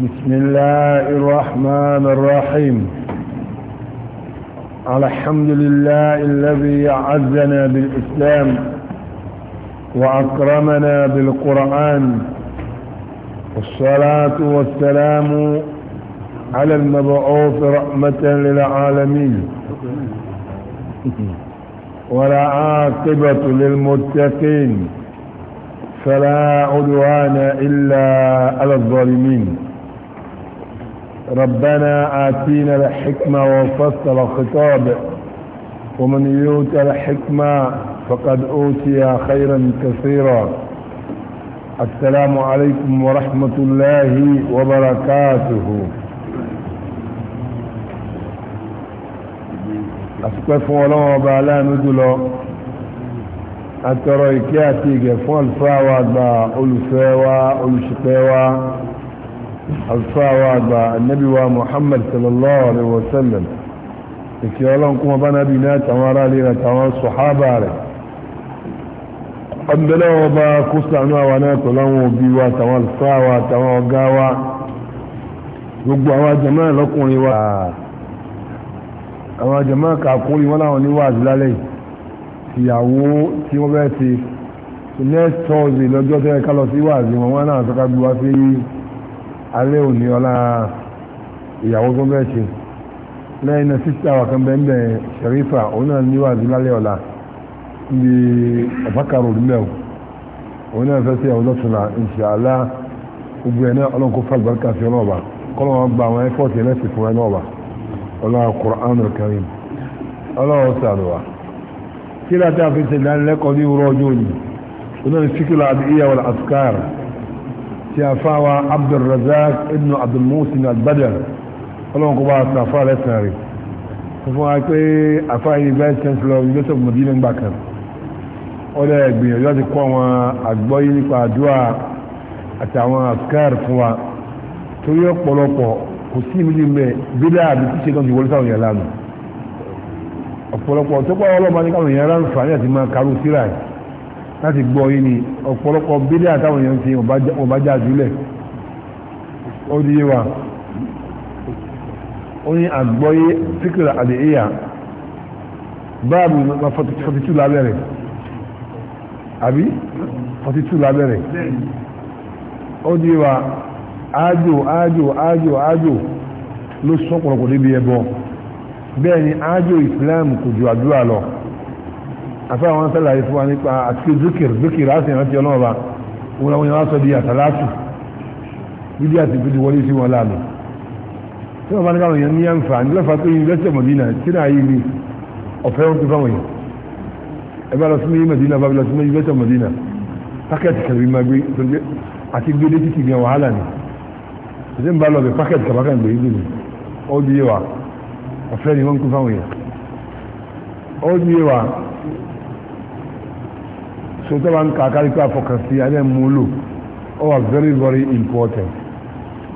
بسم الله الرحمن الرحيم الحمد لله الذي عزنا بالإسلام وأكرمنا بالقرآن والصلاة والسلام على المبعوث رحمة للعالمين ولا عاقبة للمتقين فلا عدوان إلا على الظالمين ربنا آتينا الحكمة وفصل الخطاب ومن يوت الحكمة فقد أوتي خيرا كثيرا السلام عليكم ورحمة الله وبركاته أسكت الله وبعلا ندلو أترى إكياتي فولفا وبا ألفا وألشقا alfawa àgbà annabi wa muhammad sallallahu alaihi wasallam ìkẹ́ ọlọ́run kúmọ bá nábi ní àtàwọn ará lè àtàwọn sọ̀hábà rẹ̀ ọ̀bẹ̀lẹ́wọ̀ bá kó sànú àwọn náà pẹ̀lú àwọn òbí wa alfawa àtàwọn ọ̀gá gbogbo àwọn jàmáà lọ́kùnrin wa àwọn jàmáà kàkúrí wọn láwọn níwà àdìlálẹ̀ ìyàwó tí wọ́n bẹ́ẹ̀ ti next thursday lọ́jọ́ tẹ́ẹ̀ká lọ sí wàásí wọn wọn náà tọ́ka gbé wá sí alẹ́ òní ọlá ìyàwó tó bẹ́ẹ̀ ṣe lẹ́yìn náà sísá wà kan bẹ́ẹ̀ bẹ́ẹ̀ ṣẹ̀rífà òun náà ní wàásù lálẹ́ ọ̀la níbi ọ̀fákàrò òdúmẹ̀wò òun náà fẹ́ sí àwọn ọlọ́túnla ìṣàlá gbogbo ẹ̀ náà ọlọ́run kó fàlùbáríkà sí ọlọ́ọ̀bà kọ́lọ́ wọn gba àwọn ẹ́fọ́ọ̀tì ẹlẹ́sìn fún ẹ náà wà ọlọ́run Qur'anul Karim ọlọ́run sàlùwà kí láti àfihàn ìdánilẹ́kọ̀ọ́ ní ìwúrọ̀ ọjọ́ òní òun náà ní síkìlà àdìyẹ tí a fáwa abdulrazak ibn abdulmusin albadar ọlọ́run kó bá a sàfà lẹ́sìn rẹ̀ fún wa pé àfáà yìí vice chancellor of university of medina gbà kan ó lẹ́ gbìyànjú láti kọ́ àwọn àgbọ́yé nípa àdúrà àtàwọn àkàr fún wa torí ọ̀pọ̀lọpọ̀ kò sí ìmúlí mẹ́ bídà àbí tíṣe kan ti wọlé sáwọn yàrá nù ọ̀pọ̀lọpọ̀ tó pọ̀ ọlọ́mọ ní káwọn yàrá ń fà ní àti máa karú síra yìí láti gbọ́ yìí ni ọ̀pọ̀lọpọ̀ bídẹ́ àtàwọn èèyàn ti ọ̀bá já jùlẹ̀ ó di yíwa ó ní àgbọ́yé fíkìlà àdìyà báàbù 42 lábẹ́rẹ̀ àbí 42 lábẹ́rẹ̀ ó di yíwa ájò ájò ájò ájò ló sọ́pọ̀lọpọ̀ débi ẹbọ bẹ́ẹ̀ ni ájò ìsìláàmù kò ju àdúrà lọ àfẹ́ àwọn sẹ́láyé fún wa nípa àti zikir zikir á sì rántí ọlọ́ọ̀bá wọn àwọn yàrá sọ di àtàlátù bídí àti bídí wọlé sí wọn láàmì tí wọn bá ní káwọn yẹn ní àǹfààní lọ́fà pé yunifásitì mọ̀dínà tí náà yìí ni ọ̀fẹ́ wọn ti fáwọn yẹn ẹ bá lọ sí mọ̀dínà bá lọ sí yunifásitì mọ̀dínà pákẹ́tì kẹlẹ́bí máa gbé àti gbé dé títì gan wàhálà ni ṣe ń bá lọ bẹ pákẹ́tì kàbákà gbé yìí ni ó di yé wa ọ̀fẹ́ ni wọ́n ń kú fáwọn yẹn ó di yé wa so tẹ́ bá ń ka kárí pé àfọkàn sí alẹ́ mú lò ó wà very very important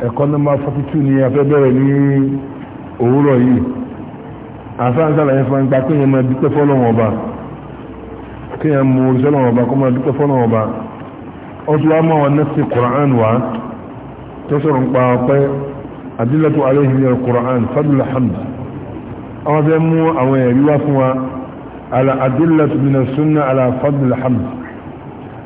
ẹ̀kọ́ nọ́mbà forty two ni a fẹ́ bẹ̀rẹ̀ ní òwúrọ̀ yìí àfáàǹsà làyẹn fún ẹgbà pé yẹn máa dúpẹ́ fọ́lọ́wọ́n ọba kí yẹn mú oríṣẹ́ lọ́wọ́n ọba kó máa dúpẹ́ fọ́lọ́wọ́n ọba ó tún wá máa wọn nẹ́sì Qur'an wá tó sọ̀rọ̀ ń pa ọpẹ́ adillatu alayhi min al-Qur'an àwọn fẹ́ mú àwọn ẹ̀rí wá fún wa ala adillatu min as-sunnah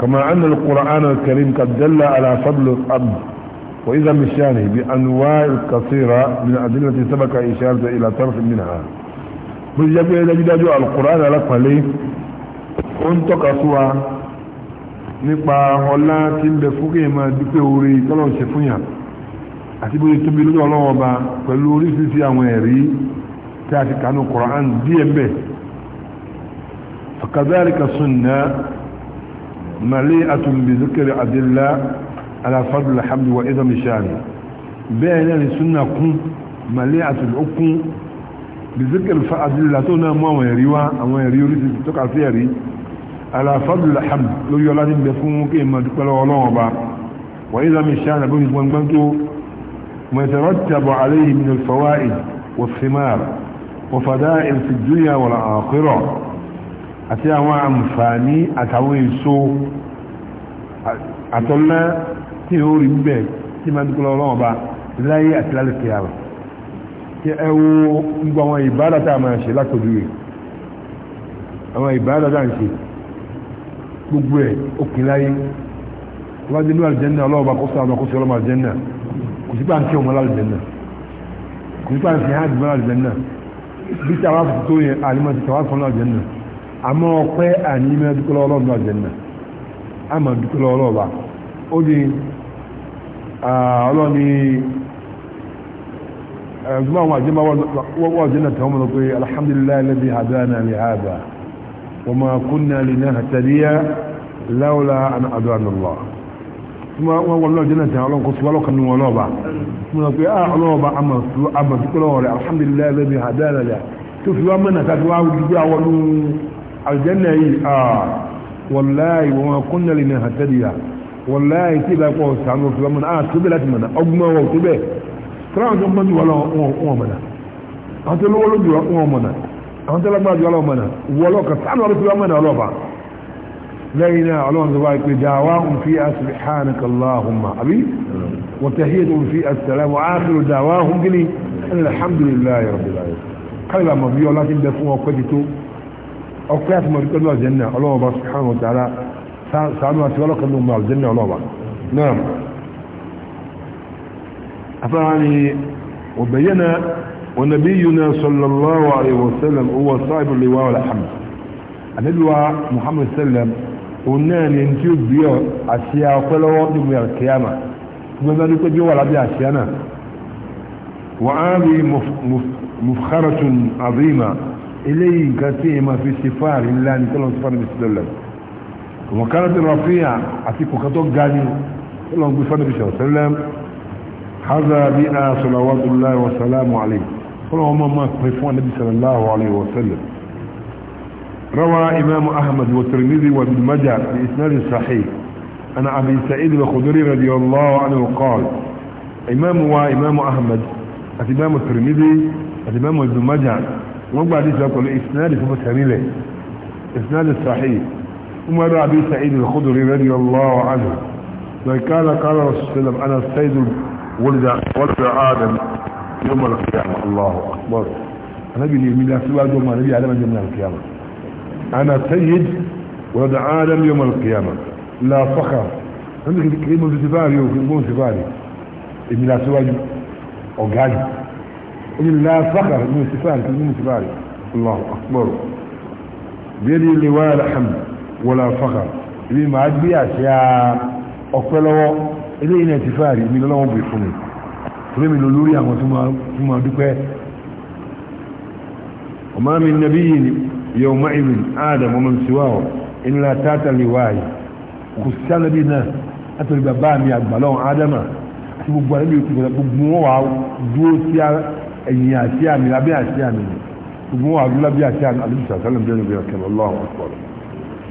كما أن القرآن الكريم قد دل على فضل الأب وإذا مشانه بأنواع كثيرة من أدلة سبق إشارة إلى طرف منها بالجبع إلى جداج القرآن لك فلي كنت قصوى نقبع هلا تنبه فوقه ما دكي وري تلو شفنيا أتبه يتبه لك الله وبا فلو ريسي سيا ويري تاتي كانوا القرآن دي به فكذلك سنة. مليئة بذكر عبد الله على فضل الحمد وإذا مشاني بين السنة يعني كون مليئة الأكون بذكر الله تونا نعم ما ويريوا أما يريوا لتتقع فيري على فضل الحمد لو يولاد بفهم ما تقول الله وبا وإذا مشاني بنت بنتو ما يترتب عليه من الفوائد والثمار وفدائل في الدنيا والآخرة àti àwọn àǹfààní àtàwọn èso àtọ́lá tí ó rí bẹ̀ tí ma dúkọ́ lọ́wọ́ bá láyé àti lálẹ́kẹ́ àrà kí ẹ wo gbogbo àwọn ìbádàtà àmà ṣe látọ̀jú rẹ̀ àwọn ìbádàtà ń ṣe gbogbo ẹ̀ òkìn láyé wọ́n dé ní àlùjẹ́nà ọlọ́wọ́ bá kó sọ àwọn akóso ọlọ́mọ àlùjẹ́nà kò sí pàǹkì ọmọ àlùjẹ́nà kò sí pàǹkì hàn àlùjẹ́nà bí tí àwọn afọ tó yẹ àlùmọ́ ti tàwọn afọ àlùjẹ́nà àmọ́ ọpẹ́ àníyàn dúkọ́lọ́ ọlọ́run náà jẹ́ náà àmà dúkọ́lọ́ ọlọ́ọ̀bà ó di ọlọ́ni ẹ̀gbọ́n àwọn àjẹ́mọ́ wọ́n jẹ́ náà tẹ́wọ́n mọ́ pé alhamdulillah alladhi hadana li hadha wa ma kunna linahtadiya lawla an hadana Allah kuma wọn wọn lọ jẹnà jẹnà ọlọ́nkọ tí wọn lọkàn ní wọn lọ́ọ̀bà wọn pe ah ọlọ́ọ̀bà aljanna yìí ah wallahi wọn kúnnà lè ní àtẹ́dìyà wallahi tí ìbá pọ̀ sànú fìlọ́mù náà tó bẹ̀ láti mọ̀nà ọgbọ́n wọn tó bẹ̀ tíráwọn tó gbọ́n jù wọ́n wọn mọ̀nà àwọn tó lówó lójú wọn mọ̀nà àwọn tó lágbára jù wọn mọ̀nà wọ́lọ́ ka sànú ọdún fìlọ́mù náà ọlọ́ba lẹ́yìn náà ọlọ́run tó wáyé pé dáwà ń fi subhanaka allahumma àbí وتحية في السلام وآخر دعواهم قلي أن الحمد لله رب العالمين قال ما بيو لكن دفوا وقتتوا او كيف ما يقول له جنة الله بار سبحانه وتعالى سعلمه سوالك انه مال جنة الله بار نعم فعني وبينا ونبينا صلى الله عليه وسلم هو صاحب اللواء والحمد اللواء محمد سلم قلنا ننتيو بيو اشياء قلوة من الكيامة وما نتجيو على بيو اشيانا وعالي مف مف مفخرة عظيمة إليه كثير ما في سفار الله أن يكون استفار مثل الله وكانت الرفيع أتيكو كتوك قاني الله أن يكون بشه وسلم هذا بنا صلوات الله والسلام عليه قالوا هم ما قفوا النبي صلى الله عليه وسلم روى إمام أحمد والترمذي وابن والمجا بإسناد صحيح أن أبي سعيد الخدري رضي الله عنه قال إمام وإمام أحمد الإمام الترمذي الإمام ابن ماجه وما ليس يقول إسناد فمتهمين له إسناد الصحيح وما رأى أبي سعيد الخضري رضي الله عنه من كان قال رسول الله عليه وسلم أنا السيد ولد ولد آدم يوم القيامة الله أكبر أنا اللي من الأسواء دوما نبي على من القيامة أنا سيد ولد آدم يوم القيامة لا فخر عندك الكريم الزفاري وكلمون زفاري من الأسواء أوغاني إلا فخر من سفارك من سفارك الله أكبر بيدي لواء الحمد ولا فخر إذن ما عاد بيعش يا أكبر إذن إنا سفاري من الله بيخوني فلم يلولوري أما ثم أدوك وما من نبي يومئذ آدم ومن سواه إلا تاتا لواء كسان بنا أتري بابا مي أقبلون آدم أتبقى لم يكون gbogbo wọn wà dúró sí ẹ̀yìn àti àmì abẹ́ àti àmì gbogbo àdúrà bí àti àmì àdúrà sálẹ̀ jẹ́ níbi ọ̀kẹ́ lọ́wọ́ ọ̀pọ̀lọ̀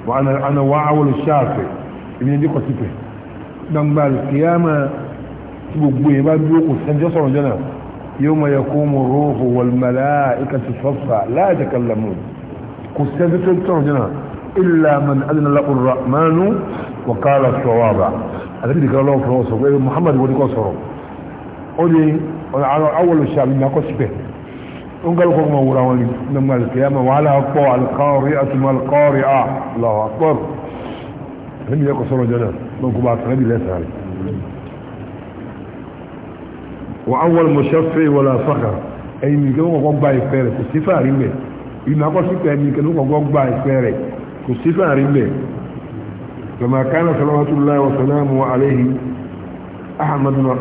wà ánà wà áwọlù ṣáàfẹ́ èmi ẹjọ́ kọ̀sípẹ̀ gbangba kìyàmà tí gbogbo yẹn bá dúró kò sẹ́jọ́ sọ̀rọ̀ jẹ́nà yóò mọ̀ yẹ kó mu rúhù wàlmàlá ìka ti sọ́fà láàjẹ́ kàlámù kò sẹ́jọ́ sọ̀rọ̀ jẹ́nà ilà man ọ̀nà àwọn awọlù sàmì ní akọ́síbẹ̀ ń gẹ́lú kọ́kọ́ máa wúra wọn ni nígbà alìkìyàmà wàhálà pọ̀ alìkọ́rí àtúmọ̀ alìkọ́rí à lọ́wọ́ pọ̀ níbi yẹ kọ́ sọ́rọ̀ jọ náà lọ́n kó bá tẹ̀lé bí lẹ́sà rẹ̀ wọ́n awọlù mọ̀ṣẹ́fẹ́ wọlé afákà ẹ̀yìn mi kí wọ́n kọ́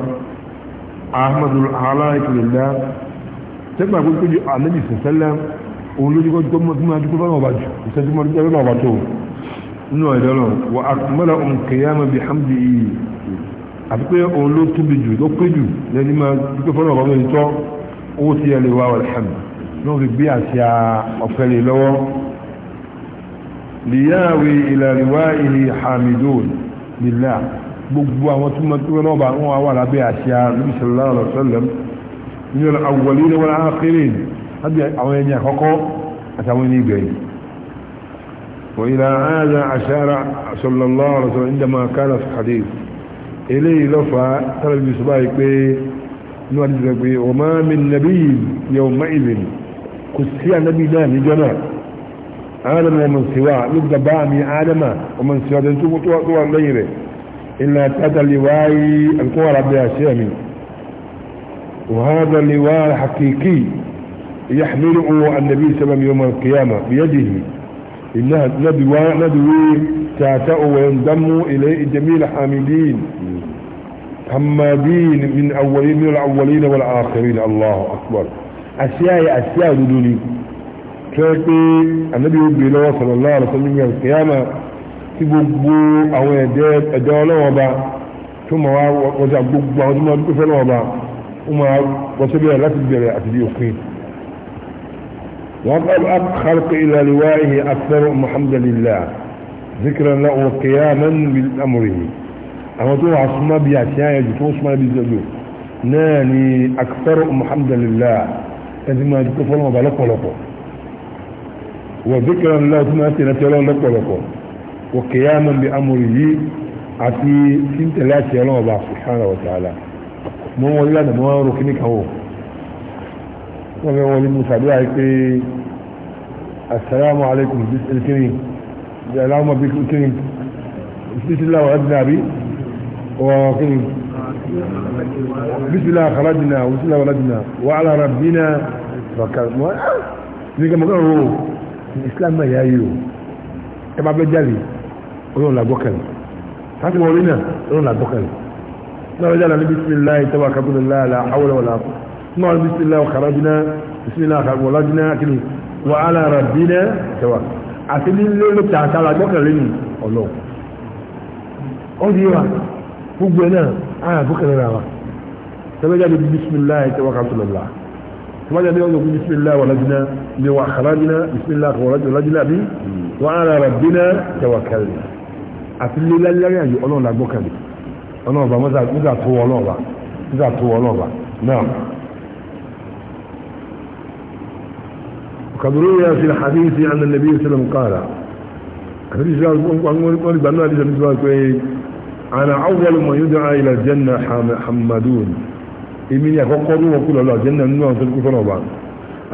ahmadu alaikum lillah tẹ́gbà pé kójú anabi sẹ́sẹ́lẹ̀ òun lójú kó mọ́ tó máa dúkú fún ọba jù ìṣẹ́jú mọ́ dúkú fún ọba tó nínú ẹ̀dọ́ lọ wà á mọ́ra òun kẹyàmọ́ bí hamdi yìí àti pé òun ló tóbi jù ló pé jù lẹ́ni máa dúkú náà fi gbé àṣà ọ̀fẹ́ lè lọ́wọ́ liyawi ila riwa'ihi hamidun lillah gbogbo àwọn bá wọn wà lábẹ́ وإلى هذا أشار صلى الله عليه وسلم عندما كان في الحديث إليه لفا ترى بصباحك نوالي وما من نبي يومئذ كسيا نبي لا آدم ومن سواه يبدأ بامي آدم ومن سواه تنتبه طوال غيره إلا هذا اللواء القوى ربها سامي وهذا اللواء حقيقي يحمله النبي سبب يوم القيامة بيده إنها ندوى ندوي ندوي تعتأ وينضم إليه جميع حامدين حمادين من أولين من الأولين والآخرين الله أكبر أشياء أشياء دوني كيف النبي صلى الله عليه وسلم يوم القيامة tí gbogbo àwọn ẹ̀dẹ́ ọlọ́wọ́n ba tó mọ̀ wá wọ́n sá gbogbo àwọn tó mọ̀ dúpẹ́ fẹ́ lọ́wọ́ ba ó mọ̀ wọ́n sọ bẹ́ẹ̀ láti bẹ̀rẹ̀ àti bí òpin. وقد خلق إلى لوائه أكثر محمد لله ذكرا له وقياما بالأمره أما تو عصمة بيعتيان يجو تو عصمة بيزدو ناني أكثر محمد لله ẹni máa dúpẹ́ fọ́lọ́mọba lọ́pọ̀lọpọ̀ wọ̀ bí kẹrin lọ́wọ́ tí máa ń tẹ̀lé tẹ́lọ́ lọ́pọ̀lọpọ̀ وقياما بأمره عتي سنت لا تيالون الله سبحانه وتعالى مو ولا مو ركنك هو ومن ولي مسابعة السلام عليكم بس الكريم اللهم بك الكريم بسم الله وعدنا بي وكريم بسم الله خرجنا وبسم الله ولدنا وعلى ربنا فكرنا لكن ما الإسلام ما يأيو كما بجالي olóhùn làgbọ́kẹ̀lẹ̀ láti wọlé náà olóhùn làgbọ́kẹ̀lẹ̀ náà lọ́jà lálẹ́ bisimilayi tẹ́wọ́ akábílẹ̀ láàlá awọ́lẹ̀ wọ̀lá náà lọ́jà bisimilayi ọ̀kàràbínà bisimilayi ọ̀kàràbínà kìlì wàhálà ràbínà tẹ́wọ́ àti nílé ló ta àtà làgbọ́kẹ̀lẹ̀ nù ọ̀lọ́ ọdí wa gbogbo náà àyà gbọ́kẹ̀lẹ̀ rà wa tẹ́wọ́jà lọ́jà bisimilayi tẹ́wọ́ akábílẹ̀ láàlá ثم جاء يقول بسم الله ولدنا وخرجنا بسم الله ولدنا وعلى ربنا توكلنا àti lílẹ̀ lẹ́rìn àjò ọlọ́run la gbọ́kànlé ọlọ́run ọba mọ́sà tó wọ ọlọ́run ọba mọ́sà tó wọ ọlọ́run ọba náà. قد روي في الحديث عن النبي صلى الله عليه وسلم قال أنا أول ما يدعى إلى الجنة حمدون إمن يفقدوا وقل الله جنة نوع تلك فرابان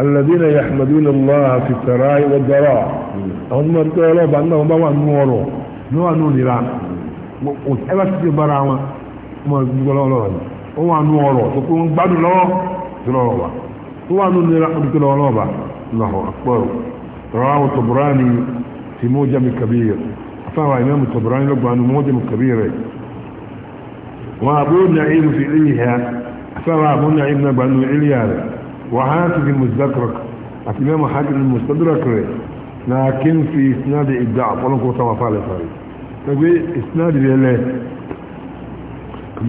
الذين يحمدون الله في السراء والضراء هم قالوا بأنهم ما نوروا ní wà nù nira ẹ bá ti di bára wọn ọmọ ìgbìgbọ́ lọ́wọ́ ni ó wà nù ọ̀rọ̀ tó kó ń gbádùn lọ́wọ́ tó lọ́wọ́ wa ó wà nù nira ó tó lọ́wọ́ ba lọ́wọ́ akpọ́rọ̀ rọ́wọ́ Tabrani ti Mujam Kabir afáwà Imam Tabrani lọ́gbà nù Mujam Kabir rẹ̀ wọn Abu Na'im fi Ilya afáwà Abu Na'im lọ́gbà nù Ilya rẹ̀ wọ́n hàn ti fi Mustadrak àti Imam Hakim Mustadrak rẹ̀ لكن في إسناد ابداع الضعف ولن كنت مفعل صحيح تقول إسناد بالله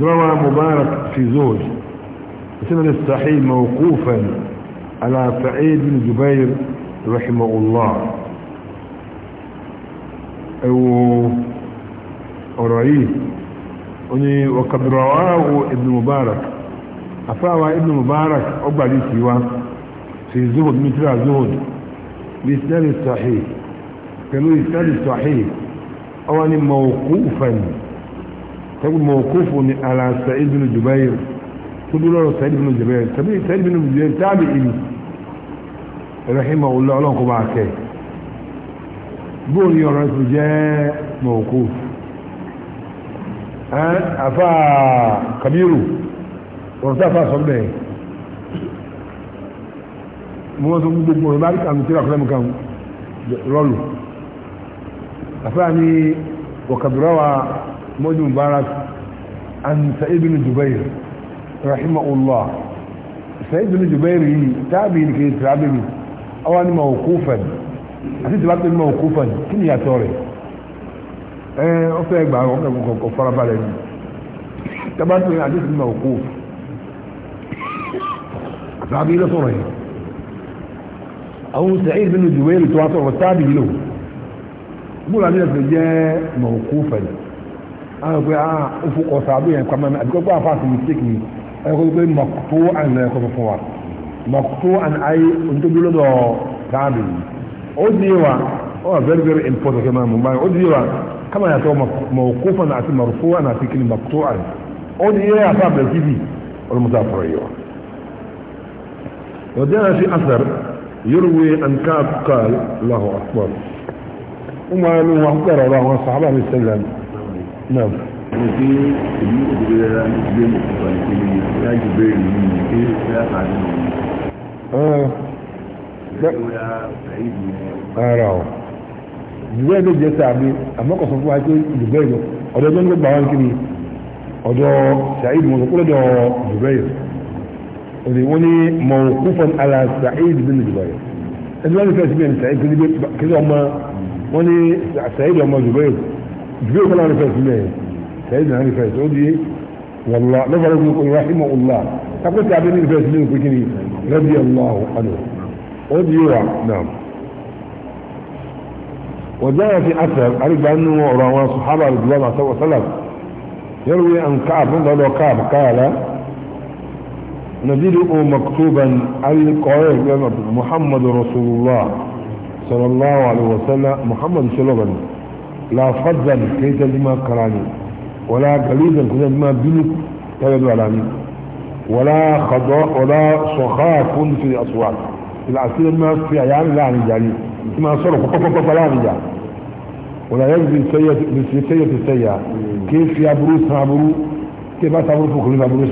روى مبارك في زوج سنن الصحيح موقوفا على سعيد بن جبير رحمه الله او ورعيه وقد رواه ابن مبارك أفاوى ابن مبارك أبا ليسيوا في زهد مثل زهد بإسناد صحيح كانوا إسناد صحيح أو أن موقوفا تقول موقوف على سعيد بن جبير تقول له سعيد بن جبير تبي سعيد بن جبير تابعي رحمه الله الله كبعك بول يا رسول جاء موقوف أفا كبير ورتفع صلبه mo wọ́n tó ń gbogbo ọ̀rọ̀ bá rí kàmù tí ó àkọlẹ́mù kàmù rọ́lù àfáà ní wọ̀kàbìrọ́wà mọ́jú mubarak an sa'id bin jubair rahimahullah sa'id bin jubair yìí tábì ní kìí tàbí mi awa ni mawukufan àti tí wàá pè ní mawukufan kí ni yàtọ̀ rẹ̀ ẹ ọ fẹ́ gbà ọ fẹ́ kọ̀ farabalẹ̀ ni tabatun àti tí mawukuf tàbí lọ́sọ̀rọ̀ yìí àwọn Sa'id bin Jubayr tó wá sọ̀rọ̀ tábì lò bó la ní ẹsẹ̀ jẹ́ mọ̀ọ́kú fẹ̀lẹ̀ àwọn pé ah ó fún ọ̀sà àbí yẹn pàmò àbí kọ́kọ́ àfa àti mistake ni ẹ kọ́ pé mọ̀kútó àn ẹ̀kọ́ fún wa mọ̀kútó àn ayé ntòbí lọ́dọ̀ ó di wa ó wà very very important kí n máa mú báyìí ó di wa kama yàtọ̀ mọ̀ọ́kú fẹ̀lẹ̀ àti mọ̀ọ́kú àn àti kí ni mọ̀kútó àn ó di yẹ àfa àbẹ̀kí bi ọlọ́mọdé àfọ̀rọ̀ yìí wa. يروي عن كعب قال الله أكبر وما له أكبر الله وصحبه عليه السلام نعم ara o jùlọ ló jẹ sáàbí àmọ́kọ̀ sọ fún wa pé jùbẹ́yọ̀ ọ̀dọ́ jẹ́ ń gbà wá ń kiri ọ̀dọ́ sàíd mọ̀sọ̀kúrọ̀dọ̀ jùbẹ́yọ̀ وني موقوفا على سعيد بن جبير الوالي كان اسمه سعيد بن كده هما وني سعيد هما جبير جبير كان عارف اسمه سعيد عارف سعودي والله نظر ابن يقول رحمه الله تقول تعبير في اسمه بكني رضي الله عنه وديوا نعم وجاء في اثر عرف بانه رواه الصحابه رضي الله عنهم يروي ان كعب بن كعب قال نجده مكتوبا على القرآن محمد رسول الله صلى الله عليه وسلم محمد سلوبا لا فضل كي تجمع كراني ولا قليلا كي تجمع بنك تجد علاني ولا خضاء ولا كن في الأصوات العسير ما في عيان لا نجاني ما صرف قطف لا نجاني ولا يجزي سيئة سيئة السيئة كيف يبروس عبرو كيف أتبرو فوق لنا بروس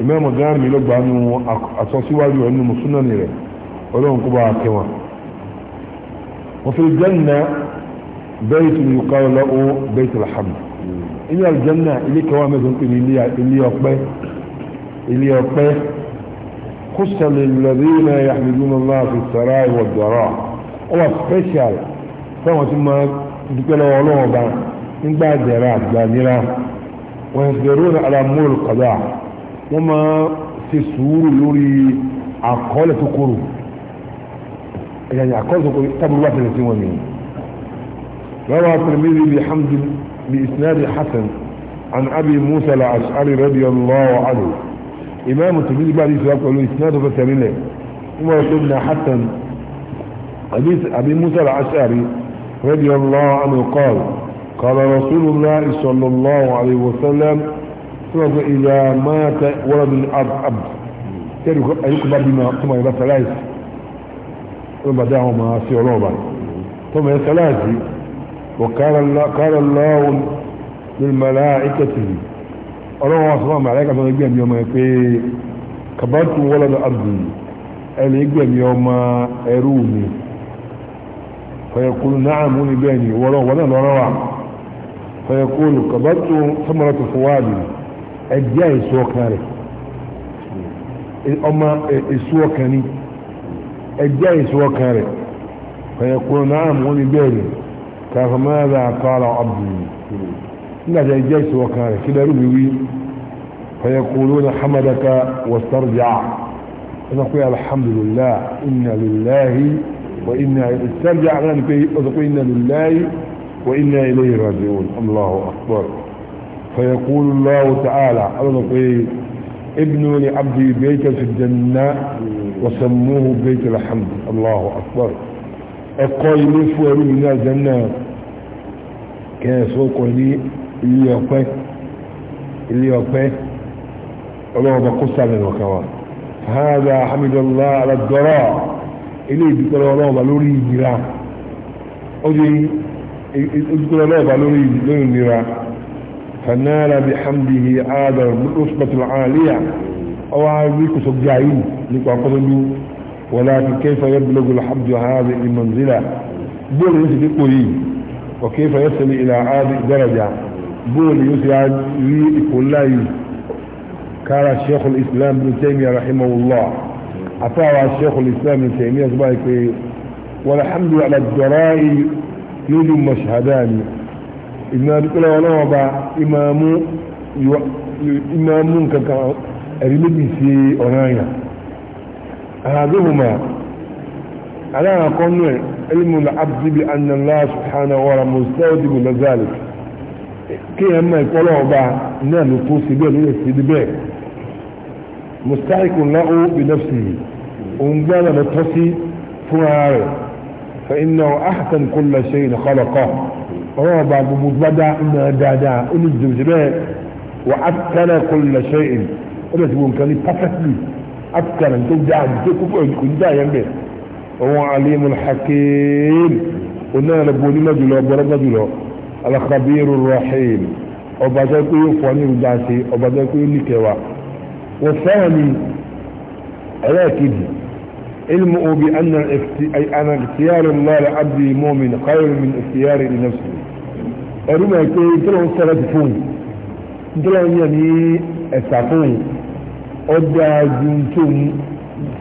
imam gami ló gbà nù aso siwaju ẹnu ni rẹ̀ olohun kó bá kẹ́ wọn. wa fil janna bayt yuqalu tún yìí kọ́ lọ́wọ́ bẹ́ẹ̀ tún làhàmù. ilé àlùjẹ́nà ilé kẹwàá mẹ́sàn-án pè ní ilé ọpẹ́ ilé ọpẹ́ kúsà lè lọ́dí náà yà fi sarai wa dara wà special fáwọn tí máa dúpẹ́ lọ́wọ́ ọlọ́wọ́ bá nígbà jẹ̀rẹ̀ àgbà níra wọ́n yẹ wọ́n máa ṣe sùúrù lórí àkọọ́lẹ̀ tó kóró ẹ̀yà ni àkọọ́lẹ̀ tó kóró tábìlì wà tẹ̀lé sí wọn ni lọ́wọ́ Tirmidhi bi hamdi bi isnadi hasan an abi musa al-ash'ari radiyallahu anhu imaamu Tirmidhi bá di sọ́wọ́ pẹ̀lú isnadi tó tẹ̀lé lẹ̀ wọ́n tó na hasan abi musa al-ash'ari radiyallahu anhu qala qala rasulullah sallallahu alayhi wa sallam ورد إذا مات ولد الأب أب تلك أيكم بما ثم يبقى ثلاث وبداهما سيولوبا ثم ثلاث وقال الله قال الله للملائكة الله سبحانه ملائكة من يجيهم يوم يقول كبرت ولد أبي أن يجيهم يوم أروني فيقول نعم وني بيني ولو ولا نروع فيقول كبرت ثمرة فوادي ادياي سوكاري اما السوكاني ادياي سوكاري فيقول نعم ولي بيري كيف ماذا قال عبدي انا ادياي سوكاري كده رميوي فيقولون حمدك واسترجع انا اقول الحمد لله انا لله وانا استرجع انا اقول انا لله وانا اليه راجعون الله اكبر فيقول الله تعالى ابنوا لعبدي بيتا في الجنة وسموه بيت الحمد الله أكبر القائل فوق من الجنة كان سوق لي اللي يقف اللي يقف الله بقصة من وكوان هذا حمد الله على الضراء اللي يذكر الله بلوري جراء أجي إيه، إيه، يذكر الله بلوري جراء فنال بحمده عاد الرتبة العالية أو عاديك سجعين لك ولكن كيف يبلغ الحمد هذه المنزلة بول يسي بقوي وكيف يصل إلى هذه الدرجة بول يسي لإقلاي قال الشيخ الإسلام بن تيمية رحمه الله أطاع الشيخ الإسلام بن تيمية صباحك والحمد على الدرائي يجب مشهدان ìmọ̀ adúpẹ́lẹ́ ọlọ́wọ́n ba ìmọ̀ mú nǹkan kan ẹ̀rí méjì sí ọ̀ràn àyàn àràdóhùnmá aláàrán kan nù ẹ̀ ilmu la abdibi annalá subhanahu wa ta'ala mustawdi bu lazali kí ẹ mọ ìpọ́lọ̀ ọba náà ló tó sí bẹ́ẹ̀ ló lè sí bẹ́ẹ̀ mustahikun láwọ́ binafsi òun gbọ́dọ̀ lọ tọ́ sí fa inna ahsan kulla shay'in khalaqa ọ̀rọ̀ ọba gbogbo gbádá ńlá dáadáa ó ní jòjì bẹ́ẹ̀ wà á kẹ́rẹ́ kó lè ṣe é ó bẹ̀ tí wọ́n kàn ní pátákì á kẹ́rẹ́ tó dá àdúgbò púpọ̀ kò ní dáa yẹn bẹ̀ ọ̀wọ́n alimul hakim onáyẹrẹ bo onímọ̀ jùlọ bọ́rọ́gbọ́ alakabiru rahim ọba tó kó yóò fọ́ ní ìrúdáṣe ọba tó kó yóò níkẹwàá wọ́n fẹ́ràn ní ẹlẹ́ẹ̀kejì علمه بأن أي أنا اختيار الله لعبدي مؤمن خير من اختيار لنفسه أرمى كي تلو الصلاة فون تلو يعني أسعفون أدى جنتم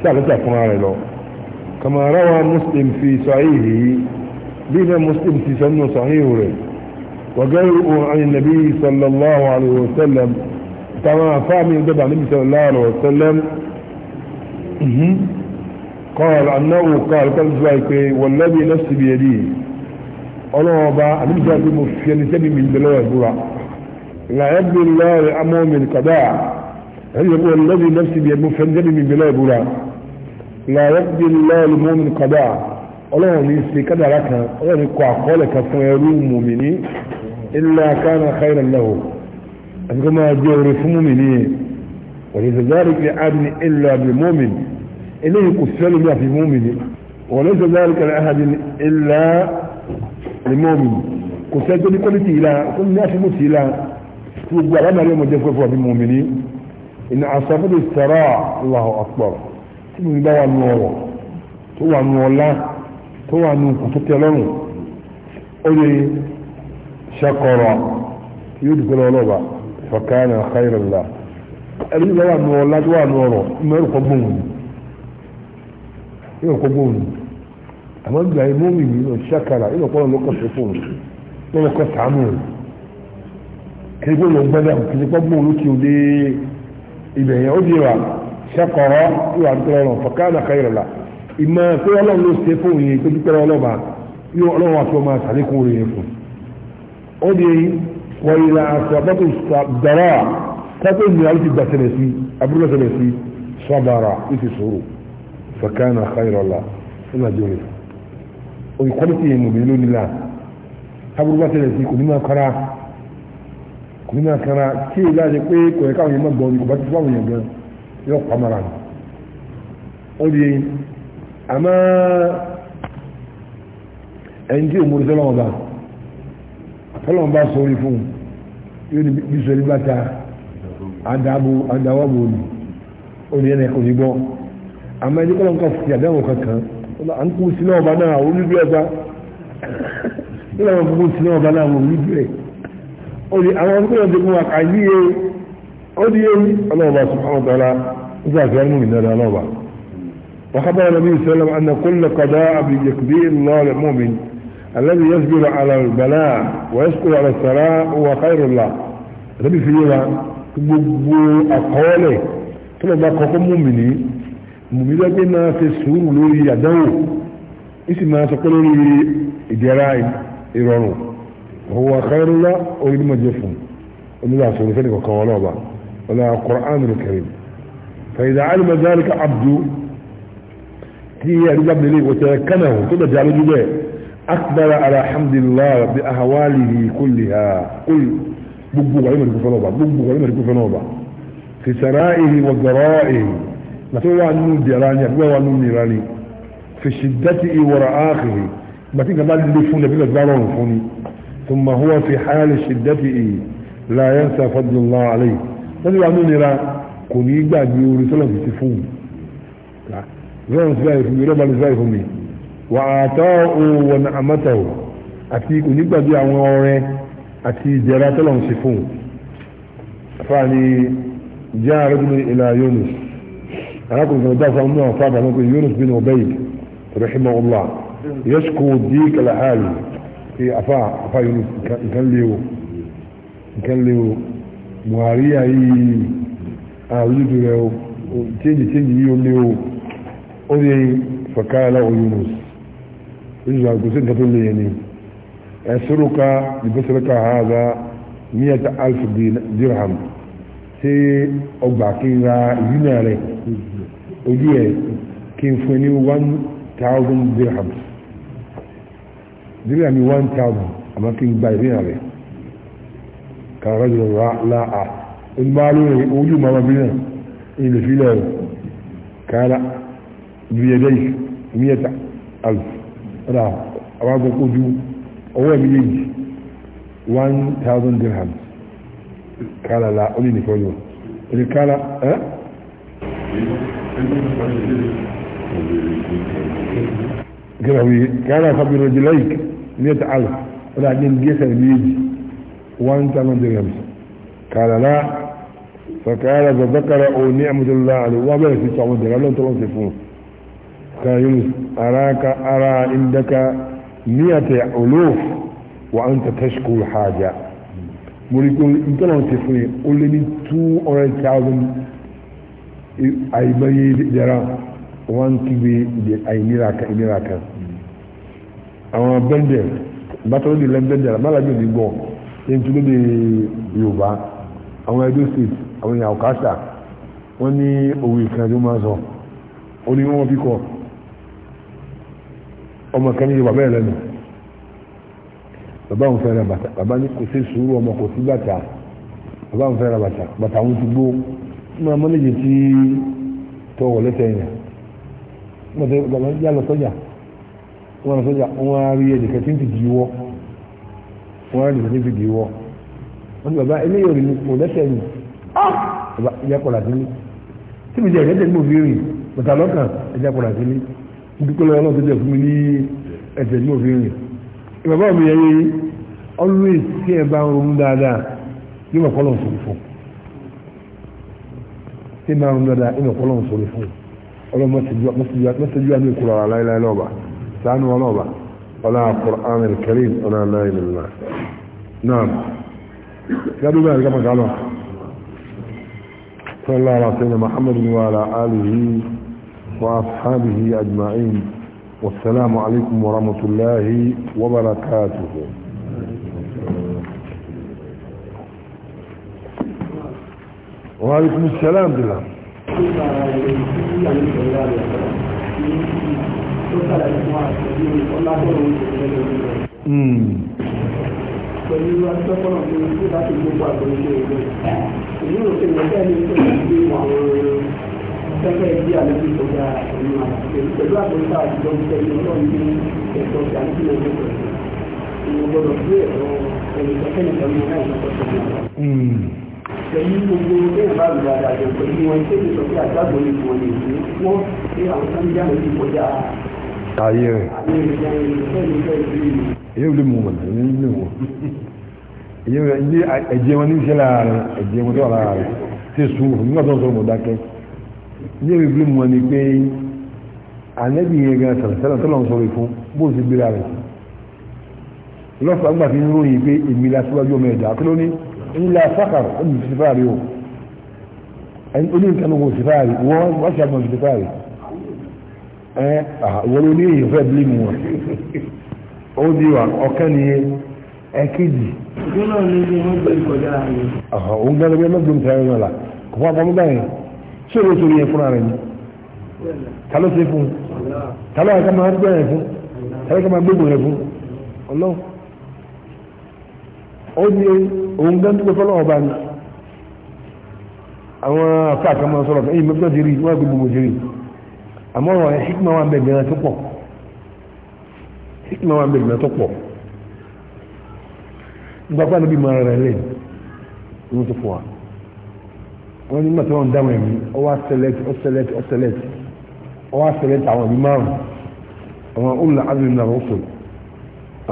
سالتا فنار له كما روى مسلم في صحيحه بين مسلم في سنة صحيحه وغيره عن النبي صلى الله عليه وسلم كما فهم يدب عن النبي صلى الله عليه وسلم قال انه قال كان زايكي والذي نفس بيدي الله با ابن جابي مفين تبي من دلوه برا لا يبدو الله لأمام القضاء هل يقول الذي نفس بيده مفين من دلوه برا لا يبدو الله لأمام القضاء الله نيسي كده لك الله نقع قولك خير المؤمنين إلا كان خيرا له ما جور في مؤمنين ولذلك لعبني إلا بمؤمنين eléyìí kò sẹ́lẹ̀ ní àfi mọ́mìnì wọ́n lọ́sọ̀ láàrín kẹrẹ ahadin ilá limọ́mìnì kò sẹ́ tó ní kọ́lítì ilá tó ní àfi mọ́sí ilá tí gbogbo àlámàrí ọmọ jẹ́ fẹ́fẹ́ àfi mọ́mìnì ìnà àsọfẹ́lẹ̀ sara Allahu akbar tí mo bá wà nù ọ̀rọ̀ tó wà nù ọ̀la tó wà nù kò tó tẹ lọ́rùn ó lè ṣàkọrọ̀ yóò dùkọ́ lọ́wọ́ lọ́ba fọkànà khairan la ẹni bá wà nù ọ̀la tó wà nù ọ̀rọ̀ mẹ́rù kọ́ gbóhùn yóò kó gbóhùn àmọ́ ìgbà yìí mọ́mì mi lọ ṣàkàrà yóò kọ́ lọ́kọ́ sí fún un lọ́wọ́ kọ́ sàánù rẹ̀ kí ló ń gbẹ́dẹ̀ kí ló gbóhùn lókè òde ibẹ̀ yẹn ó di wa ṣàkọ̀rọ̀ yóò àdúrà ọ̀rọ̀ fọ̀kánà káyọ̀rọ̀ la ìmọ̀ pé ọlọ́run ló ṣe fún yìí pé dúpẹ́ ọlọ́ba yóò ọlọ́run àti ọmọ àtàlékún rẹ̀ yẹn fún ó di wọ́n yìí la àṣọ kọ́kọ́ ìnira ti gbà sẹ̀lẹ̀ sí abúlé sẹ̀lẹ̀ sí sọ́bàrà ó فكان خير له إما جولي ويقولتي المؤمنون لا أبو الله تلسي كلما كرا كلما كرا كي لا يقوي كي يقع يمان دوني كبات سواه يمان يوقع مران أولي أما عندي أمور سلام الله فلان با سوري فون يوني بيسوري باتا أدابو أدابو أولي أنا يقول يبون àmọ́ ẹni kọ́lọ́ nǹkan ti àdáwò kankan à ń kú sí náà ọba náà àwọn olúdú ẹ̀ bá nígbà wọn kú sí náà ọba náà àwọn olúdú ẹ̀ olè àwọn olùkọ́lọ́ ti mú wa kà yí e ó di ewu ọlọ́ọ̀bà subhanahu wa ta'ala nígbà tí wọ́n mú mi náà ọlọ́ọ̀bà. وخبر النبي صلى الله عليه وسلم أن كل قضاء بيقضيه الله المؤمن الذي يصبر على البلاء ويشكر على الثراء هو خير الله ربي في يوم gbogbo àkọọ́lẹ̀ tó lọ́gbà kọ́kọ́ múmìnì mùmílẹ́gbẹ́ ma ṣe suru lórí adawo ìsì máa sọ pé lórí ìdẹ̀ra ìrọ̀rùn òwò àkàrẹ́lá orí ní ma mọ̀jẹ́ fún onílà sọ̀rọ̀ sẹ́ni kọ̀ọ̀kan wọn ọba ọlá Qur'an al-Karim fàyìdà alìmọ̀ zálìkà abdu tí àdúgbà bìnrin ìwòsàn kánàwó tó dàjà lójú bẹ́ẹ̀ akbara alhamdulillah bi ahawalihi kulliha kul gbogbo wàlúmọ̀ ní kúfẹ́ náà ọba gbogbo wàlúmọ̀ ní kúfẹ́ náà ọba fi sara'ihi wa dara'ihi في شدته وراء آخره ثم هو في حال شدته لا ينسى فضل الله عليه ما تقول وانو نرى كوني قادي ورسلم في سفون زون سبايف ميرابا لسبايف مي وعطاؤه ونعمته اتي كوني قادي عموري اتي ديراتلون سفون فاني جاء رجل الى يونس أراكم كما دافع أمه وفاضة نقول يونس بن عبيد رحمه الله يشكو ديك لحاله في أفا أفا يونس كان ليو كان ليو مهارية هي أعوذ له تيجي تيجي يوم ليو أولي فقال له يونس إذا قلت تقول لي يعني أسرك ببصرك هذا مئة ألف درهم سي أو باقي ينالي ojú ẹ̀ kí n fún ní one thousand dirhams dirham ní one thousand àmọ́ kí n gba ìrìnà rẹ̀ kàrọ̀ jù rà láà onímọ̀ alóore ojú màmá bí náà ilẹ̀ fílẹ̀ rẹ̀ kàrà bìyẹ̀dẹ̀ ìmíyẹ̀ta alf rà àwọn agbọ̀kọ̀ ojú ọwọ́ mi yéjì one thousand dirhams kàrà là ó ní nìkan yọ ó ní kàrà ẹ́ garawi kana fa bi rajulaik ne ta al ina din gesa biyi wan ta man dirham kala la fa kala za zakara o ni'matullah alayhi wa bala fi ta'awud da Allah ta'awud fi fun ka yunus araka ara indaka miyata uluf wa anta tashku haja murikun intana ti fun o le ni 200000 àìmọye ìdẹ̀ra wọ́n kígbe àìnira kan ìnira kan àwọn bẹ́ndẹ̀ bàtọ́lọ́ di lẹ́bẹ̀ndẹ̀ amálájú ti gbọ́ ẹni tó lóde yorùbá àwọn edo state àwọn èèyàn ọ̀kásà wọ́n ní òwe kan tó máa sọ ó ní wọ́n fi kọ́ ọmọ kan ní yorùbá bẹ́ẹ̀ lẹ́nu bàbá òun fẹ́ ra bàtà bàbá ní kò sí sùúrù ọmọ kò sí bàtà bàbá òun fẹ́ ra ti gbó máa mọ́nìjì tí tọwọ̀ lẹ́sẹ̀ yẹn gbọ́dọ̀ gbàgbọ́ yà lọ sọ́jà wọn lọ sọ́jà wọn á rí ẹ̀jẹ̀ kẹ́tí ń fi dì í wọ́ wọn á rí ẹ̀jẹ̀ kẹ́tí ń fi dì í wọ́ wọn ní bàbá eléyìí ò rí mi kò lẹ́sẹ̀ yìí bàbá ìyá kọ̀ọ̀lá sí mi tí mi jẹ́ ẹ̀jẹ̀ tí mo fi rìn bàtà lọ́kàn ẹ̀jẹ̀ kọ̀ọ̀lá sí mi dúpẹ́ lọ́wọ́ náà tó jẹ́ fún mi ní ẹ̀jẹ̀ tí mo fi rìn bàbá mi yẹ always tí ẹ bá ń ronú dáadáa yóò mọ̀ kọ́ lọ́n fòfò tí máa ń lọ́dà inú ọ̀pọ̀lọ́run sọ̀rọ̀ fún ọlọ́mọ mọ́síjú àmì ìkúrọ̀ aláìláì lọ́ba sànú ọlọ́ba ọlá Qur'an al-Karim ọlá aláìláìlá náà gádùn bẹ́ẹ̀ gama gálọ̀ sọ́lá ara sẹ́yìn Muhammad wa ala alihi wa ashabihi ajma'in wassalamu alaikum wa rahmatullahi wa barakatuhu wa alaikum salam bila pẹ̀lú pẹ̀lú gbogbo ilé ìbáwí dáadáa jọ pẹ̀lú wọn ṣé lè sọ pé àgbàgbọ́ ni wọn lè ní wọ́n ṣe àwọn sáńdí àwọn ìlú kọjá. ayé rẹ ayé olè mú wọn ní ilé wọn èyí rẹ ilé ẹ̀jẹ̀ wọn ní ìṣẹ̀lẹ̀ ààrẹ ẹ̀jẹ̀ wọn tó wà lára rẹ sùn fún nígbà tó ń sọ̀rọ̀ mọ dákẹ́ ilé rẹ wọn ni pé ànẹ́bí yẹn gan sàlẹ̀sẹ̀lẹ̀ tó lọ́n sọ̀rọ̀ fún bó ti gbéra rẹ̀ lọ́sàgbà ti ń ròyìn pé èmi la síwájú ọmọ ẹ̀dá kí ló ní إلا فقر أم سفاري يوم أن أولين كانوا سفاري وأشهد من سفاري ولو ليه يفاد لي مو ó di wa ọ̀kẹ́ ni ẹ̀kejì. ìgbóná ni bí wọ́n gbé ìkọjá rẹ̀. ọ̀hún òun gbọ́dọ̀ bí ẹlẹ́gbẹ̀ẹ́ nìkan ẹ̀rọ la kò fún abọ́mú báyìí ṣé o sọ yẹn fúnra rẹ̀ ni. ta ló ṣe fún un ta onye ní òun gán dúpẹ́ fọ́lọ́ ọba ni àwọn afáàkà máa sọ̀rọ̀ ẹ̀yìn mẹ́fẹ́ jìrì wọ́n gbé gbogbo jìrì àmọ́ ọ̀rọ̀ hikima wà bẹ̀ gbẹ̀rẹ̀ tó pọ̀ hikima wà bẹ̀ gbẹ̀rẹ̀ tó pọ̀ nígbà pàdé mara rẹ̀ lẹ́yìn ló tó fún wa wọ́n ní mọ̀tò wọn dáwọn ẹ̀mí ọ wá select ọ select ọ select ọ wá select àwọn ẹ̀mí márùn àwọn olùlà azùn náà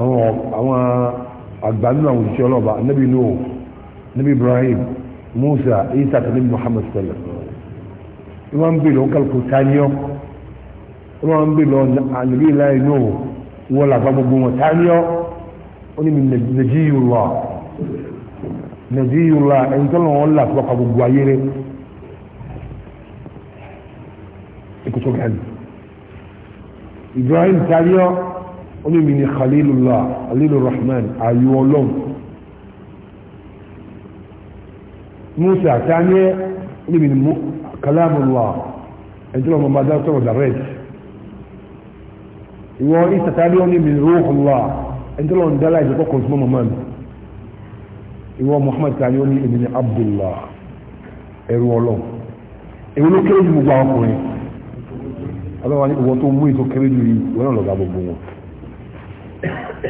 àwọn àwọn àgbàdo àwọn òṣìṣẹ́ ọlọ́ba nabi nuhu nabi ibrahim musa isa àti nabi muhammad sallam wọ́n ń bè lọ kálukú tánìọ́ wọ́n ń bè lọ àlùbí láì nuhu wọ́n làbá gbogbo wọn tánìọ́ wọ́n ní mi nàjíyùlá nàjíyùlá ẹni tó lọ́wọ́ làbá gbogbo ayé rẹ̀ gani ibrahim tánìọ́ omi mi ni khalilullah khalilur rahman ayu ọlọ́run musa taniẹ omi mi ni kalamullah ẹjọ́ ọmọ bá dá sọ̀rọ̀ direct ìwọ ìsàtàdé omi mi ni ruhullah ẹjọ́ ọmọ dá láì jẹ́kọ́ kọ̀ọ̀tún mọ́ mọ́ mi ìwọ muhammad tani omi mi ni abdullah ẹrú ọlọ́run èwo ló kéré ju gbogbo àwọn ọkùnrin ọlọ́wà ní ìwọ tó mú ìtó kéré ju ìwọ náà lọ́gà gbogbo wọn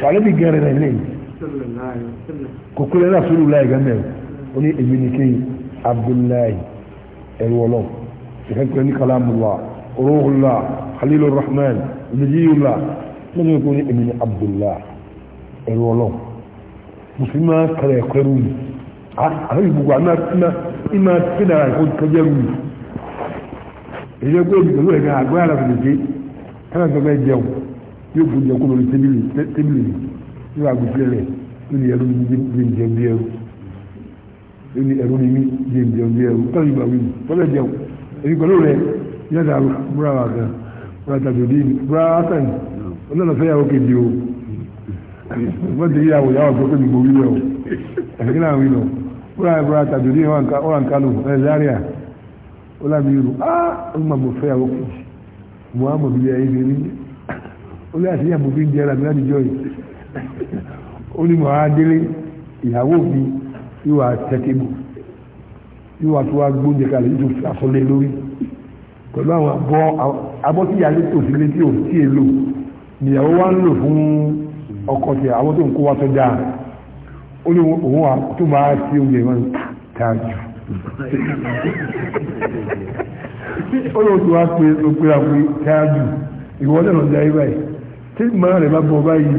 sàlẹ́bì gẹ̀rẹ̀ rẹ̀ lè kòkòrò náà sórí láì gẹ́mẹ̀ ó ní èmi ní kéyìn abdullahi ẹ̀rù ọlọ́ ìfẹ́kùrẹ́ ní kalamullah ruhullah khalilur rahman nabiyullah wọ́n ní kò ní èmi ní abdullahi ẹ̀rù ọlọ́ musulmi máa kẹrẹ̀ ẹ̀kọ́ rú mi àwọn ìbùkún àná ìmá tí dára ìkó kẹjẹ rú mi èyí ẹgbẹ́ ẹ̀gbẹ́ àgbẹ́ àlàfẹ́ yóò bu jẹ kó lórí tébìlì tébìlì yóò wá gbèsè rẹ yóò ní ẹrú ní bí njẹ bí ẹrú yóò ní ẹrú ní mí bí njẹ bí ẹrú tó yìí bá wí tọ́lẹ̀ jẹun èyí pẹ̀lú rẹ yàtà búra wà kan búra tàbí dín búra hasan ọlọ́nà fẹ́ yàwó kejì o wọ́n ti yàwó yàwó tó kébi gbòógì rẹ o àti kíláà wí lọ búra búra tàbí dín wà ń kálù ẹ̀ záríà ọlọ́mìíràn ah ọmọ mọ̀ fẹ́ yàwó kejì muhammadu yà é ó lé àti ìyàbò fi ń jẹrà mi láti jọ yìí ó ní mọ̀ á délé ìyàwó mi yóò wá tẹ́tẹ́bù yóò wá tó wá gbóúnjẹ kalẹ̀ yóò fi àsọlé lórí pẹ̀lú àwọn abọ́ abọ́ tí ìyàlẹ́ tò sílé tí ò tí è lò ìyàwó wa ń lò fún ọkọ tí àwọn tó ń kó wa tó dáa ó ní òun wa tó máa ti oúnjẹ wọn tààjù ó lóun tó wá pé ó pé àpé tààjù ìwọ́n náà lọ jẹ́ ibà tí mọ́ rẹ̀ bá bọ́ báyìí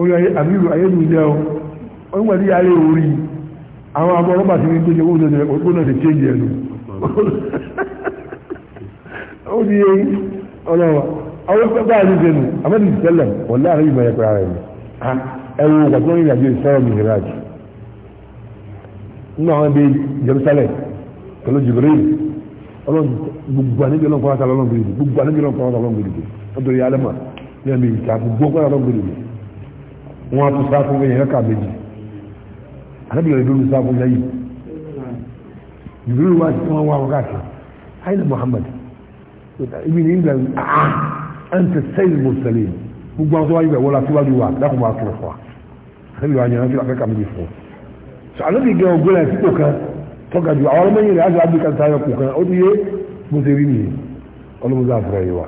orí àmìrò ayélujára o wọ́n ní ayé orí àwọn abọ́ rọ́bà tí wọ́n tó jẹ́ oúnjẹ ògbónà ti ṣe jẹ́ ẹnu ó ní eyín ọlọ́wà àwọn pẹ́pẹ́ àti ìṣẹ́nu wọ́n ìgbà ìṣẹ́rọ̀ nínú àwọn Jerusalem pẹ̀lú Jibril ọlọ́run gbogbo àníbi ọlọ́run kọ́ra sálọ́run gbèrè gbogbo àníbi ọlọ́run kọ́ra sálọ́run gbèrè nítorí alẹ́mà ní ẹ̀mí ìta gbogbo kọ́ra sálọ́run gbèrè wọn tún sá fún yẹn ká méjì àníbi ọlọ́run dúró sá fún yẹn ìbílẹ̀ wa ti wọ́n wá wọn káàkiri ayélujára Muhammad ibi ní ìgbà ah ẹnitẹ sẹ́yìn mùsùlùmí gbogbo àwọn tó wáyé bẹ̀ wọ́n la síwájú wa dákun tọ́ka ju àwọn ọmọ yìí rẹ̀ àti àbíkà sáyọ kù kan ó ti yé bó ṣe rí nìyí ọlọ́mọdé àfúrà yìí wa.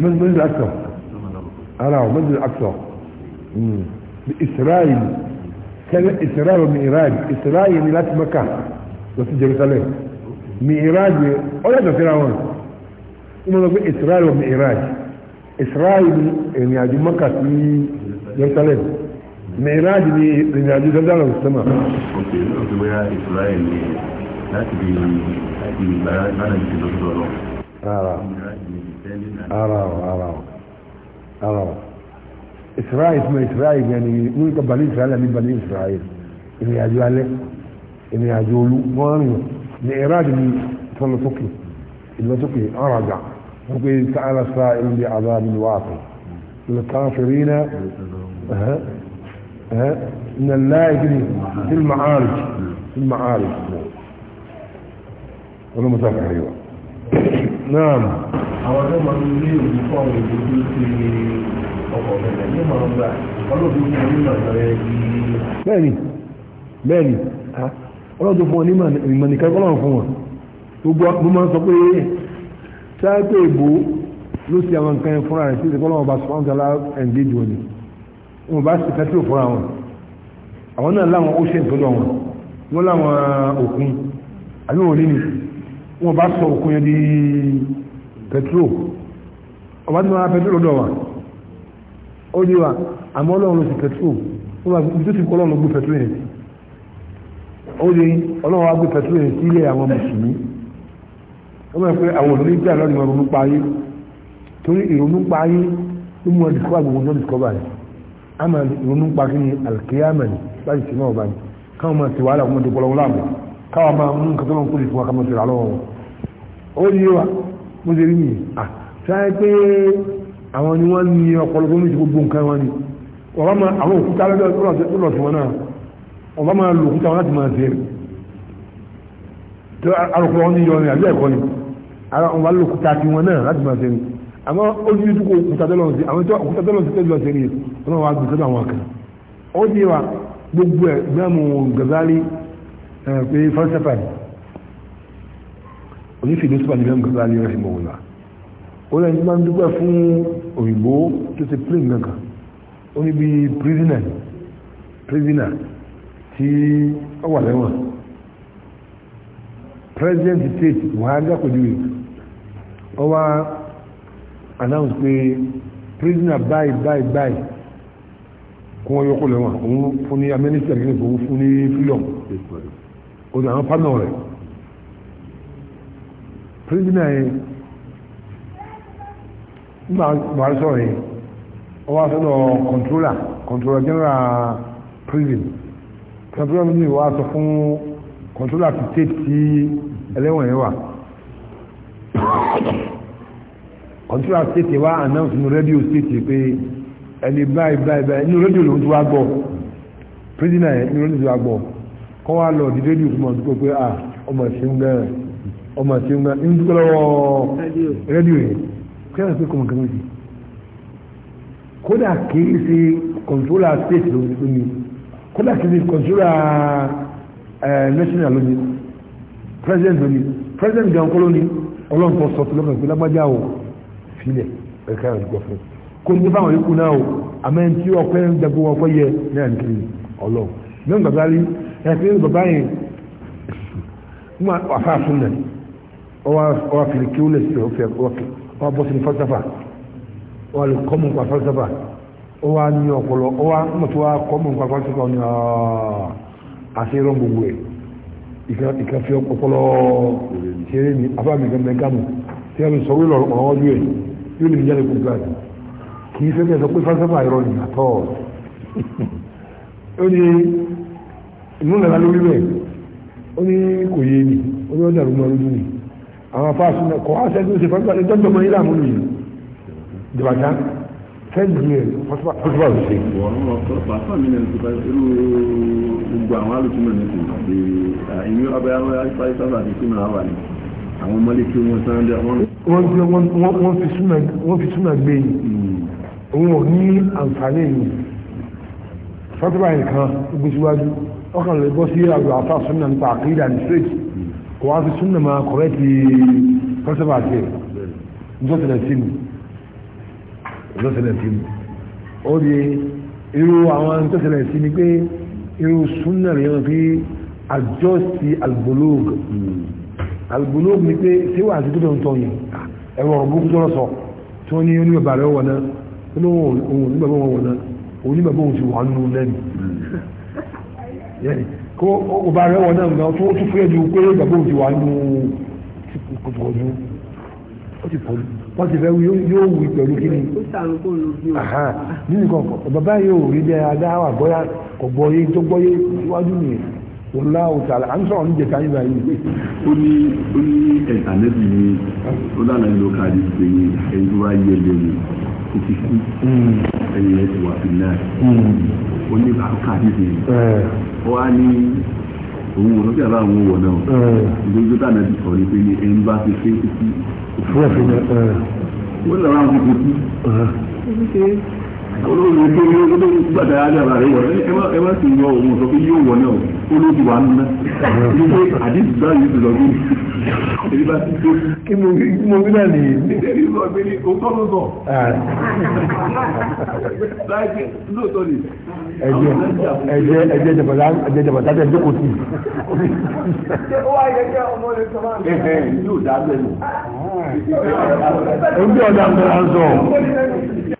mọ́sílẹ̀ àkọ́ ara ọ̀ mọ́sílẹ̀ àkọ́ israel kẹ́lẹ́ israel mi iraj israel ni láti mẹ́kà lọ sí jerusalem mi iraj ọlọ́dọ̀ síra wọn wọ́n lọ pé israel mi iraj israel ni ìrìn sí jerusalem mẹ́ráàj ni ìrìnàjò sọ́dọ̀rọ̀ sọ́mà. òkè náà ti bóyá ìṣúra ẹ̀ ní láti bí láti bí gbàrà náà ti lọ sọ lọ. ara ara ara ara israel fún israel yẹn ni ní ka bali israel ni bali israel ìrìnàjò alẹ́ ìrìnàjò olú wọn rìn mẹ́ráàj ni tọ́lọ́sókè ìlọsókè ọ̀ràjà wọ́n pe sa'ala sa'il wa'ati lil kafirina من الله يجري في المعارج في المعارج ولا مسافة حلوة نعم أولا ما نجي ونفعل وجود في أقوالنا لما نبع قالوا بيوم نعمل bẹ́ẹ̀ni bẹ́ẹ̀ni ọlọ́dún fún ọ ní ìmọ̀nìkà ọlọ́run fún wọn gbogbo mo máa ń sọ pé sáà pé èbó ló ṣe àwọn nǹkan fúnra rẹ̀ sí ìdíkọ́ ọlọ́run bá sọ́ńtà lá ẹ̀ǹgéjì wọn ni wọn bá sì kẹ́tí òfúra wọn àwọn náà láwọn ó ṣe ìtọ́lọ wọn wọ́n láwọn uh, òkun àbí wọn nínú wọn bá sọ òkun yẹn di pẹtrol ọba tí wọn á pẹtrol lọ́dọ̀ wa ó di wa àmọ́ ọlọ́run ló sì pẹtrol wọn bá tó ti kọ́ ọlọ́run ló gbé pẹtrol yẹn sí ó di ọlọ́run wa gbé pẹtrol yẹn sí ilé àwọn mùsùlùmí wọ́n mọ̀ pé àwọn òní jà lọ́dún ìrònú pa ayé torí ìrònú pa ayé ló mú ọ ama ronú pàkí ni alkiyama ni láti sinmi ọba ni káwọn máa ti wàhálà ọmọdé pọlọ wọn àbọ káwọn máa mú nǹkan tó lọ ń kúrò fún wa ká máa ti rà lọ́wọ́ wọn. ó yé wa mo ṣe rí mi à sáyé pé àwọn ni wọ́n ní ọpọlọ tó ń ṣe gbogbo nǹkan wọn ni ọba máa àwọn òkúta lọ́dọ̀ sí wọn náà ọba máa lo òkúta wọn láti máa ṣe tó arọ̀pọ̀ wọn ní yọ ni àbí ẹ̀kọ́ ni ọba lo òkúta tiwọn náà láti máa ṣe ni àmọ́ olùdíjú kò òkúta tọ́lọ́run sí àwọn tó òkúta tọ́lọ́run sí tẹ́lọ́ sí rí ọlọ́run wa gbèsè àwọn kan ó di wa gbogbo ẹ̀ gbẹ́mú Ghazali pé falsafa ni onífìdísọ́fà ni gbẹ́mú Ghazali rẹ̀ mọ̀ wọ́n la ó lẹ́yìn tí máa ń dúpẹ́ fún òyìnbó tó ti plane nǹkan ó ní bí prisoner prisoner tí ó wà lẹ́wọ̀n president state Buhari àpèjúwe ọwọ́ announce pé prisoner báyìí báyìí báyìí kún wọn yọkọ lẹ́wọ̀n òun fún ní amẹ́nísítà kí ni kò fún ní freedom o ní àwọn panel rẹ̀ prisoner yẹn nígbà buhari sọ̀rọ̀ yẹn ó wá sọ́dọ̀ controller controller general prison controller mi wá sọ fún controller ti tètè ẹlẹ́wọ̀n yẹn wà kọ̀ntúrà stéètì wá announce nínú rédíò stéètì pé ẹni báyìí báyìí báyìí nínú rédíò ló ń tó wá gbọ́ prisoner yẹn nínú rédíò tó wá gbọ́ kọ́ wá lọ di rédíò fún ọ̀dúnkọ́ pé à ah, ọmọ ìṣeun gan ọmọ ìṣeun gan ń dúpẹ́ lọ́wọ́ rédíò yẹn kí wọ́n fi kọ́ nǹkan méjì kódà kì í ṣe kọ̀ntúrà stéètì ló ní kódà kì ṣe kọ̀ntúrà national ló president ló president gan kọ́ ló ní lọ́kàn pé lágbájá o filẹ̀ ẹ̀ka àdúgbò fún kó ní báwọn ikú náà o àmọ́ ẹni tí ọ̀pẹ́ ń jagun ọ̀pẹ́ yẹ náà ní kiri ọlọ́ mẹ́rin bàbá rí ẹ̀fẹ́ bàbá yẹn mú àfa fún nà ọwọ́ àfìlẹ̀ kí ó lè ṣe ọ̀fẹ́ ọwọ́ bọ́ sí ní falsafa ọwọ́ lè kọ́ mọ̀ nípa falsafa ọwọ́ ní ọpọlọ ọwọ́ mọ̀tò wa kọ́ mọ̀ nípa falsafa ọ̀nà àṣẹ irọ́ gbogbo ẹ̀ ìkàfẹ́ ọpọlọ ṣeré ní afáàmì gẹ́gẹ́ gámù tí a lè sọ wílọ̀ ọ̀rọ̀ ọdún ẹ̀ yóò lè yára gbogbo àdì kì í sẹ́kẹ̀ sọ pé fásitì àìrọ̀ ní àtọ́ ó ní inú nàlá lórí rẹ̀ ó ní kò yé ni ó ní ọ̀dà rúmọ lójú ni àwọn afáàsù náà kọ́ àṣẹ tó ṣe fásitì àti dọ́gbọ̀n mọ́ ilé àmúlò yìí jìbàjá sẹ́yìn rẹ̀ fásitì àti ṣe. pàṣẹ mi náà ti bá irú gbogbo àwọn wọ́n fi wọ́n fi súnà wọ́n fi súnà gbé òun ò ní àǹfààní yìí fọ́tíbà nìkan gbèsèwájú ọkàn lè bọ́ sí àgbà àfa súnà nípa àkìlà ní straight kò wá fi súnà máa kọ̀rẹ́tì fọ́tíbà tiẹ̀ ǹjọ́sẹ̀lẹ̀ sí mi ǹjọ́sẹ̀lẹ̀ sí mi ó di irú àwọn ǹjọ́sẹ̀lẹ̀ sí mi pé irú súnà rẹ̀ yẹn fi àjọ́sí àgbòlóògùn àgbòló mi se ṣé wà á ti tó tó ń tọ́ yìí ah, ẹ̀rọ ọ̀rọ̀ gbogbo tọ́rọ sọ tí wọ́n ní oníbàbà rẹ̀ wọ̀ náà olóhùn oníbàbà wọn wọ̀ náà oníbàbà òun ti wà nínú lẹ́nu kó ọba rẹ̀ wọ̀ náà nǹkan tó tún fúyẹ́ ju pé bàbá òun ti wà nínú kòtòkòtò ó ti pọ̀ wọ́n ti fẹ́ yóò wí pẹ̀lú kí ni nínú kan bàbá yóò rí bẹ́ẹ̀ adáwà bọ́yá kò gbọ́ yé tó gbọ́ yé síwájú nìyẹn wòláwò tààlà à ń sọ̀rọ̀ ní jẹ̀ka yíba yìí. ó ní ó ní ànẹ́bí ni ó dáná ìlú káàdì pé ẹni tó bá yẹ lẹ́nu kò ti kú hmm. ẹni yẹn ti wà fi náà hmm. ó ní káàdì pé eh. ó wá ní òun wò lókè aláwọ̀ wọ̀ náà eh. ìdójú dáná ti sọ̀rọ̀ pé ní ẹni bá ti fẹ́ kú fún ẹ̀fẹ̀ náà eh. ó lọ́wọ́ àwọn kò kú olóòwò tó ní ó gbàdá yára rẹ̀ wọ̀ ẹ má sì yọ òun sọ pé yóò wọ̀ náà olóòdì wa nínú ní pé àdìsí bá yìí lọ bí èyí bá ti tó kí mo rí náà nìyí. nítorí sọ pé ní o tọ́ sọ. láìpẹ́ lóòótọ́ ni. ẹ̀jẹ̀ ẹ̀jẹ̀ ẹ̀jẹ̀ jàbàtà ẹ̀jẹ̀ jàbàtà tẹ̀ jókòó sí. ṣé ó wá yẹ kí ọmọ rẹ sọ máa ń bẹ. ẹ ọ̀dà ń bẹ̀rẹ̀ sọ.